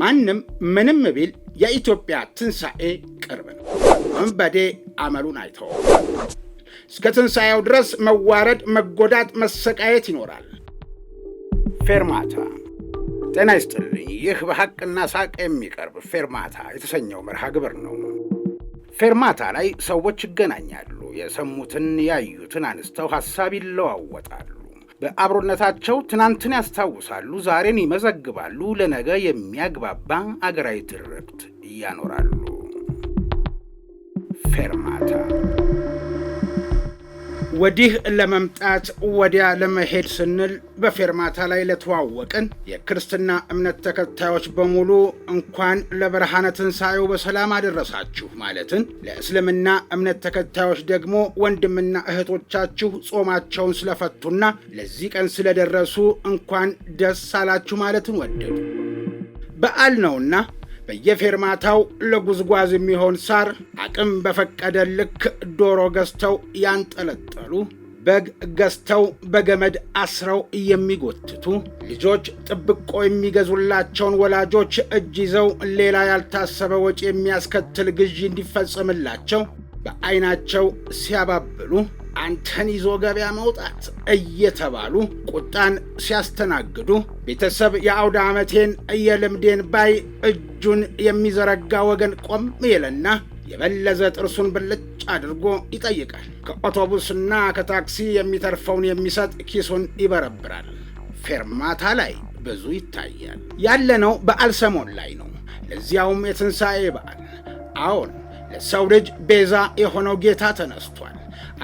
ማንም ምንም ቢል የኢትዮጵያ ትንሣኤ ቅርብ ነው። ወንበዴ አመሉን አይተው እስከ ትንሣኤው ድረስ መዋረድ፣ መጎዳት፣ መሰቃየት ይኖራል። ፌርማታ ጤና ይስጥልኝ። ይህ በሐቅና ሳቅ የሚቀርብ ፌርማታ የተሰኘው መርሃ ግብር ነው። ፌርማታ ላይ ሰዎች ይገናኛሉ። የሰሙትን ያዩትን አንስተው ሐሳብ ይለዋወጣሉ። በአብሮነታቸው ትናንትን ያስታውሳሉ፣ ዛሬን ይመዘግባሉ፣ ለነገ የሚያግባባ አገራዊ ትርክት እያኖራሉ። ፌርማታ ወዲህ ለመምጣት ወዲያ ለመሄድ ስንል በፌርማታ ላይ ለተዋወቅን የክርስትና እምነት ተከታዮች በሙሉ እንኳን ለብርሃነ ትንሣኤው በሰላም አደረሳችሁ ማለትን፣ ለእስልምና እምነት ተከታዮች ደግሞ ወንድምና እህቶቻችሁ ጾማቸውን ስለፈቱና ለዚህ ቀን ስለደረሱ እንኳን ደስ አላችሁ ማለትን ወደዱ። በዓል ነውና በየፌርማታው ለጉዝጓዝ የሚሆን ሳር አቅም በፈቀደ ልክ ዶሮ ገዝተው ያንጠለጠሉ፣ በግ ገዝተው በገመድ አስረው የሚጎትቱ፣ ልጆች ጥብቆ የሚገዙላቸውን ወላጆች እጅ ይዘው ሌላ ያልታሰበ ወጪ የሚያስከትል ግዢ እንዲፈጸምላቸው በዐይናቸው ሲያባብሉ አንተን ይዞ ገበያ መውጣት እየተባሉ ቁጣን ሲያስተናግዱ ቤተሰብ የአውደ ዓመቴን እየልምዴን ባይ እጁን የሚዘረጋ ወገን ቆም ይልና የበለዘ ጥርሱን ብልጭ አድርጎ ይጠይቃል። ከአውቶቡስና ከታክሲ የሚተርፈውን የሚሰጥ ኪሱን ይበረብራል። ፌርማታ ላይ ብዙ ይታያል። ያለነው በዓል ሰሞን ላይ ነው። ለዚያውም የትንሣኤ በዓል። አዎን፣ ለሰው ልጅ ቤዛ የሆነው ጌታ ተነስቷል።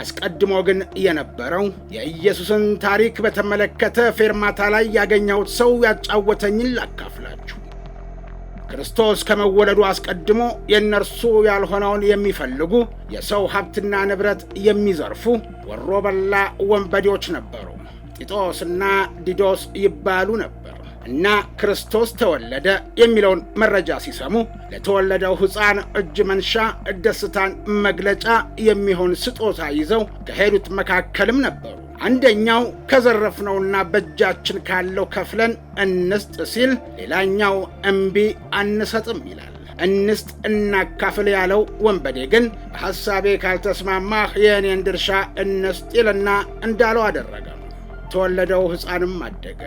አስቀድሞ ግን የነበረው የኢየሱስን ታሪክ በተመለከተ ፌርማታ ላይ ያገኘሁት ሰው ያጫወተኝን ላካፍላችሁ። ክርስቶስ ከመወለዱ አስቀድሞ የእነርሱ ያልሆነውን የሚፈልጉ የሰው ሀብትና ንብረት የሚዘርፉ ወሮ በላ ወንበዴዎች ነበሩ። ጢጦስና ዲዶስ ይባሉ ነበር። እና ክርስቶስ ተወለደ የሚለውን መረጃ ሲሰሙ ለተወለደው ሕፃን እጅ መንሻ ደስታን መግለጫ የሚሆን ስጦታ ይዘው ከሄዱት መካከልም ነበሩ። አንደኛው ከዘረፍነውና በእጃችን ካለው ከፍለን እንስጥ ሲል፣ ሌላኛው እምቢ አንሰጥም ይላል። እንስጥ እናካፍል ያለው ወንበዴ ግን በሐሳቤ ካልተስማማህ የእኔን ድርሻ እንስጥ ይልና እንዳለው አደረገ። የተወለደው ሕፃንም አደገ።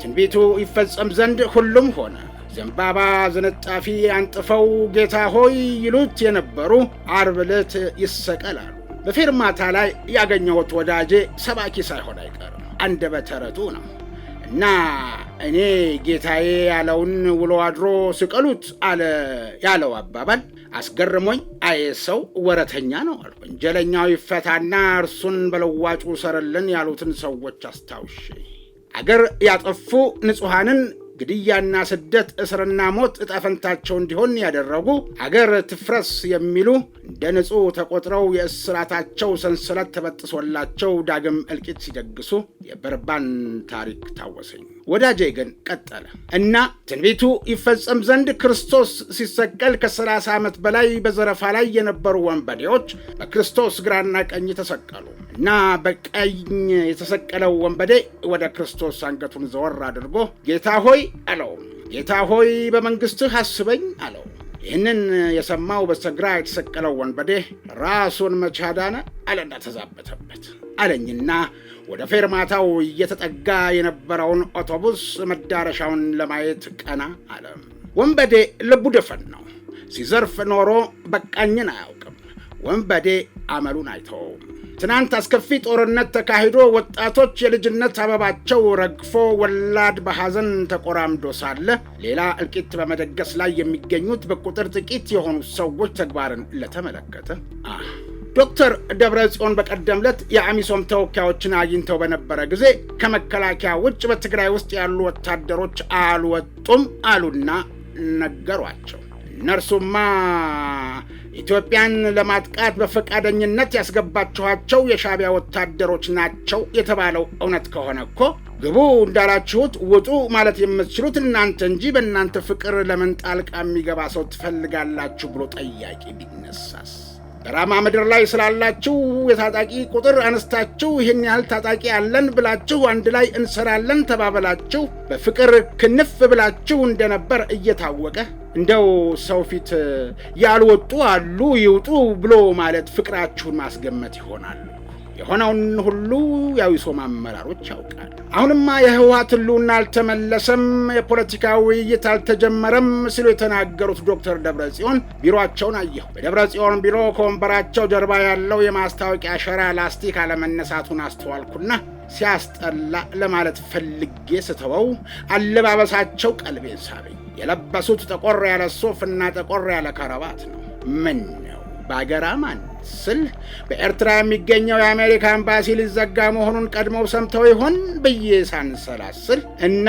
ትንቢቱ ይፈጸም ዘንድ ሁሉም ሆነ። ዘንባባ ዝንጣፊ አንጥፈው ጌታ ሆይ ይሉት የነበሩ አርብ ዕለት ይሰቀላሉ። በፌርማታ ላይ ያገኘሁት ወዳጄ ሰባኪ ሳይሆን አይቀርም፣ አንደበተ ርቱዕ ነው እና እኔ ጌታዬ ያለውን ውሎ አድሮ ስቀሉት አለ ያለው አባባል አስገርሞኝ፣ አየ ሰው ወረተኛ ነው አሉ። ወንጀለኛው ይፈታና እርሱን በለዋጩ ሰርልን ያሉትን ሰዎች አስታውሼ አገር ያጠፉ ንጹሐንን ግድያና ስደት፣ እስርና ሞት እጣፈንታቸው እንዲሆን ያደረጉ አገር ትፍረስ የሚሉ እንደ ንጹሕ ተቆጥረው የእስራታቸው ሰንሰለት ተበጥሶላቸው ዳግም እልቂት ሲደግሱ የበርባን ታሪክ ታወሰኝ። ወዳጄ ግን ቀጠለ እና ትንቢቱ ይፈጸም ዘንድ ክርስቶስ ሲሰቀል ከ30 ዓመት በላይ በዘረፋ ላይ የነበሩ ወንበዴዎች በክርስቶስ ግራና ቀኝ ተሰቀሉ እና በቀኝ የተሰቀለው ወንበዴ ወደ ክርስቶስ አንገቱን ዘወር አድርጎ ጌታ ሆይ አለው። ጌታ ሆይ በመንግሥትህ አስበኝ አለው። ይህንን የሰማው በስተግራ የተሰቀለው ወንበዴ ራሱን መቻዳነ አለና ተዛበተበት አለኝና ወደ ፌርማታው እየተጠጋ የነበረውን አውቶቡስ መዳረሻውን ለማየት ቀና አለ። ወንበዴ ልቡ ደፈን ነው። ሲዘርፍ ኖሮ በቃኝን አያውቅም። ወንበዴ አመሉን አይተውም። ትናንት አስከፊ ጦርነት ተካሂዶ ወጣቶች የልጅነት አበባቸው ረግፎ ወላድ በሐዘን ተቆራምዶ ሳለ ሌላ እልቂት በመደገስ ላይ የሚገኙት በቁጥር ጥቂት የሆኑ ሰዎች ተግባርን ለተመለከተ ዶክተር ደብረ ጽዮን በቀደም ዕለት የአሚሶም ተወካዮችን አግኝተው በነበረ ጊዜ ከመከላከያ ውጭ በትግራይ ውስጥ ያሉ ወታደሮች አልወጡም አሉና ነገሯቸው። እነርሱማ ኢትዮጵያን ለማጥቃት በፈቃደኝነት ያስገባችኋቸው የሻቢያ ወታደሮች ናቸው የተባለው እውነት ከሆነ እኮ ግቡ እንዳላችሁት ውጡ ማለት የምትችሉት እናንተ እንጂ በእናንተ ፍቅር ለምን ጣልቃ የሚገባ ሰው ትፈልጋላችሁ ብሎ ጠያቂ ቢነሳስ በራማ ምድር ላይ ስላላችሁ የታጣቂ ቁጥር አነስታችሁ ይህን ያህል ታጣቂ አለን ብላችሁ አንድ ላይ እንሰራለን ተባበላችሁ በፍቅር ክንፍ ብላችሁ እንደነበር እየታወቀ እንደው ሰው ፊት ያልወጡ አሉ ይውጡ ብሎ ማለት ፍቅራችሁን ማስገመት ይሆናል። የሆነውን ሁሉ ያዊሶም አመራሮች ያውቃል። አሁንማ የህወሀት ህልውና አልተመለሰም፣ የፖለቲካ ውይይት አልተጀመረም ሲሉ የተናገሩት ዶክተር ደብረ ጽዮን ቢሮቸውን አየሁ። በደብረ ጽዮን ቢሮ ከወንበራቸው ጀርባ ያለው የማስታወቂያ ሸራ ላስቲክ አለመነሳቱን አስተዋልኩና ሲያስጠላ ለማለት ፈልጌ ስተወው አለባበሳቸው ቀልቤን ሳበኝ። የለበሱት ጠቆር ያለ ሱፍ እና ጠቆር ያለ ከረባት ነው። ምን በአገር አማን ስል በኤርትራ የሚገኘው የአሜሪካ ኤምባሲ ሊዘጋ መሆኑን ቀድሞ ሰምተው ይሆን ብዬ ሳንሰላስል እና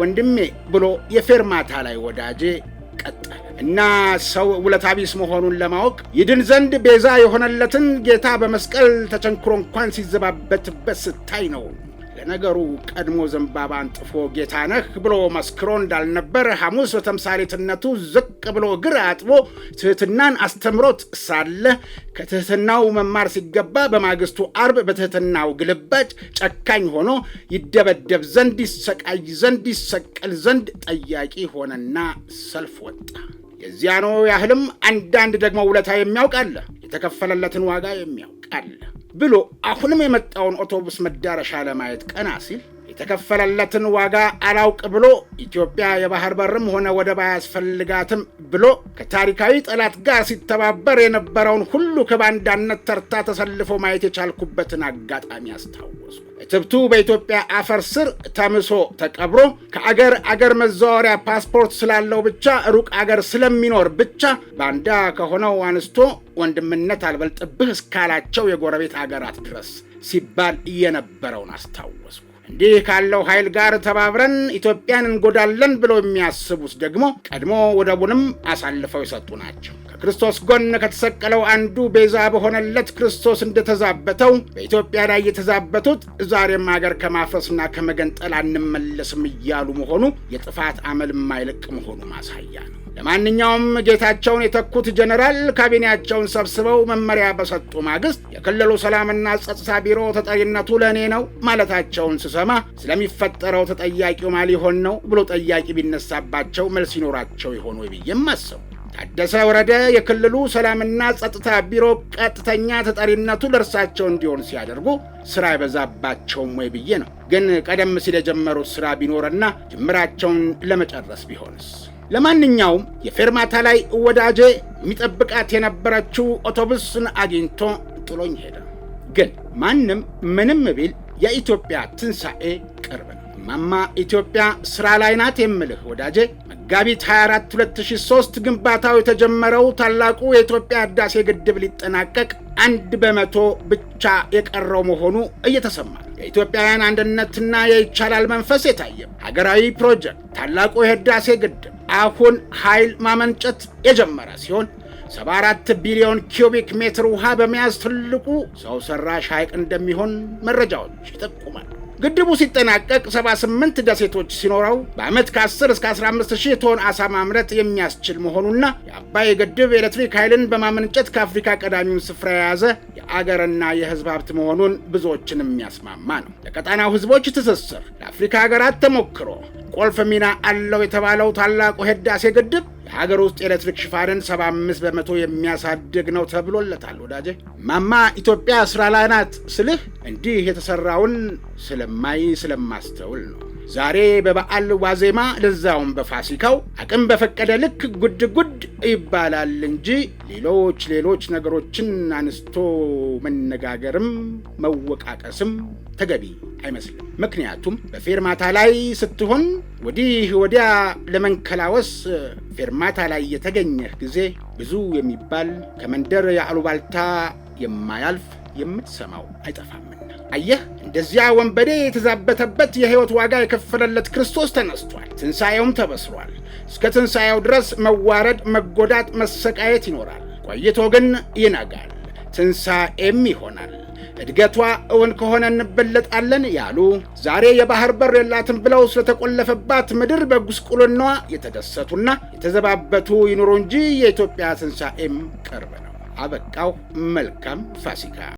ወንድሜ ብሎ የፌርማታ ላይ ወዳጄ ቀጠ እና ሰው ውለታቢስ መሆኑን ለማወቅ ይድን ዘንድ ቤዛ የሆነለትን ጌታ በመስቀል ተቸንክሮ እንኳን ሲዘባበትበት ስታይ ነው ለነገሩ ቀድሞ ዘንባባ አንጥፎ ጌታ ነህ ብሎ መስክሮ እንዳልነበር ሐሙስ በተምሳሌትነቱ ዝቅ ብሎ እግር አጥቦ ትህትናን አስተምሮት ሳለ ከትህትናው መማር ሲገባ በማግስቱ አርብ በትህትናው ግልባጭ ጨካኝ ሆኖ ይደበደብ ዘንድ ይሰቃይ ዘንድ ይሰቀል ዘንድ ጠያቂ ሆነና ሰልፍ ወጣ። የዚያኖ ያህልም አንዳንድ ደግሞ ውለታ የሚያውቅ አለ፣ የተከፈለለትን ዋጋ የሚያውቅ አለ። ብሎ አሁንም የመጣውን አውቶቡስ መዳረሻ ለማየት ቀና ሲል የተከፈለለትን ዋጋ አላውቅ ብሎ ኢትዮጵያ የባህር በርም ሆነ ወደብ አያስፈልጋትም ብሎ ከታሪካዊ ጠላት ጋር ሲተባበር የነበረውን ሁሉ ከባንዳነት ተርታ ተሰልፎ ማየት የቻልኩበትን አጋጣሚ አስታወስኩ። ትብቱ በኢትዮጵያ አፈር ስር ተምሶ ተቀብሮ ከአገር አገር መዘዋወሪያ ፓስፖርት ስላለው ብቻ ሩቅ አገር ስለሚኖር ብቻ ባንዳ ከሆነው አንስቶ ወንድምነት አልበልጥብህ እስካላቸው የጎረቤት አገራት ድረስ ሲባል እየነበረውን አስታወስኩ። እንዲህ ካለው ኃይል ጋር ተባብረን ኢትዮጵያን እንጎዳለን ብለው የሚያስቡት ደግሞ ቀድሞ ወደቡንም አሳልፈው የሰጡ ናቸው። ከክርስቶስ ጎን ከተሰቀለው አንዱ ቤዛ በሆነለት ክርስቶስ እንደተዛበተው በኢትዮጵያ ላይ የተዛበቱት ዛሬም ሀገር ከማፍረስና ከመገንጠል አንመለስም እያሉ መሆኑ የጥፋት አመል የማይለቅ መሆኑ ማሳያ ነው። ለማንኛውም ጌታቸውን የተኩት ጀነራል ካቢኔያቸውን ሰብስበው መመሪያ በሰጡ ማግስት የክልሉ ሰላምና ጸጥታ ቢሮ ተጠሪነቱ ለእኔ ነው ማለታቸውን ስሰማ ስለሚፈጠረው ተጠያቂው ማን ሊሆን ነው ብሎ ጠያቂ ቢነሳባቸው መልስ ይኖራቸው ይሆን ወይ ብዬም አሰቡ። ታደሰ ወረደ የክልሉ ሰላምና ጸጥታ ቢሮ ቀጥተኛ ተጠሪነቱ ለእርሳቸው እንዲሆን ሲያደርጉ ስራ አይበዛባቸውም ወይ ብዬ ነው። ግን ቀደም ሲል የጀመሩት ስራ ቢኖርና ጅምራቸውን ለመጨረስ ቢሆንስ? ለማንኛውም የፌርማታ ላይ ወዳጄ የሚጠብቃት የነበረችው አውቶቡስን አግኝቶ ጥሎኝ ሄደ። ግን ማንም ምንም ቢል የኢትዮጵያ ትንሣኤ እማማ ኢትዮጵያ ሥራ ላይ ናት የምልህ ወዳጄ። መጋቢት 24 2003 ግንባታው የተጀመረው ታላቁ የኢትዮጵያ ሕዳሴ ግድብ ሊጠናቀቅ አንድ በመቶ ብቻ የቀረው መሆኑ እየተሰማ የኢትዮጵያውያን አንድነትና የይቻላል መንፈስ የታየም ሀገራዊ ፕሮጀክት ታላቁ የህዳሴ ግድብ አሁን ኃይል ማመንጨት የጀመረ ሲሆን 74 ቢሊዮን ኪዩቢክ ሜትር ውሃ በመያዝ ትልቁ ሰው ሰራሽ ሐይቅ እንደሚሆን መረጃዎች ይጠቁማል። ግድቡ ሲጠናቀቅ 78 ደሴቶች ሲኖረው በዓመት ከ10 እስከ 15 ሺህ ቶን አሳ ማምረት የሚያስችል መሆኑና የአባይ ግድብ ኤሌክትሪክ ኃይልን በማመንጨት ከአፍሪካ ቀዳሚውን ስፍራ የያዘ የአገርና የህዝብ ሀብት መሆኑን ብዙዎችን የሚያስማማ ነው። ለቀጣናው ህዝቦች ትስስር፣ ለአፍሪካ ሀገራት ተሞክሮ ቁልፍ ሚና አለው የተባለው ታላቁ ህዳሴ ግድብ የሀገር ውስጥ የኤሌክትሪክ ሽፋንን 75 በመቶ የሚያሳድግ ነው ተብሎለታል። ወዳጄ ማማ ኢትዮጵያ ስራ ላይ ናት ስልህ እንዲህ የተሰራውን ስለማይ ስለማስተውል ነው። ዛሬ በበዓል ዋዜማ ለዛውን በፋሲካው አቅም በፈቀደ ልክ ጉድ ጉድ ይባላል እንጂ ሌሎች ሌሎች ነገሮችን አንስቶ መነጋገርም መወቃቀስም ተገቢ አይመስልም። ምክንያቱም በፌርማታ ላይ ስትሆን ወዲህ ወዲያ ለመንከላወስ ፌርማታ ላይ የተገኘህ ጊዜ ብዙ የሚባል ከመንደር የአሉባልታ የማያልፍ የምትሰማው አይጠፋምና አየህ፣ እንደዚያ ወንበዴ የተዛበተበት የሕይወት ዋጋ የከፈለለት ክርስቶስ ተነስቷል። ትንሣኤውም ተበስሯል። እስከ ትንሣኤው ድረስ መዋረድ፣ መጎዳት፣ መሰቃየት ይኖራል። ቆይቶ ግን ይነጋል፣ ትንሣኤም ይሆናል። እድገቷ እውን ከሆነ እንበለጣለን ያሉ ዛሬ የባህር በር የላትም ብለው ስለተቆለፈባት ምድር በጉስቁልናዋ የተደሰቱና የተዘባበቱ ይኑሩ እንጂ የኢትዮጵያ ትንሣኤም ቅርብ ነው። አበቃው። መልካም ፋሲካ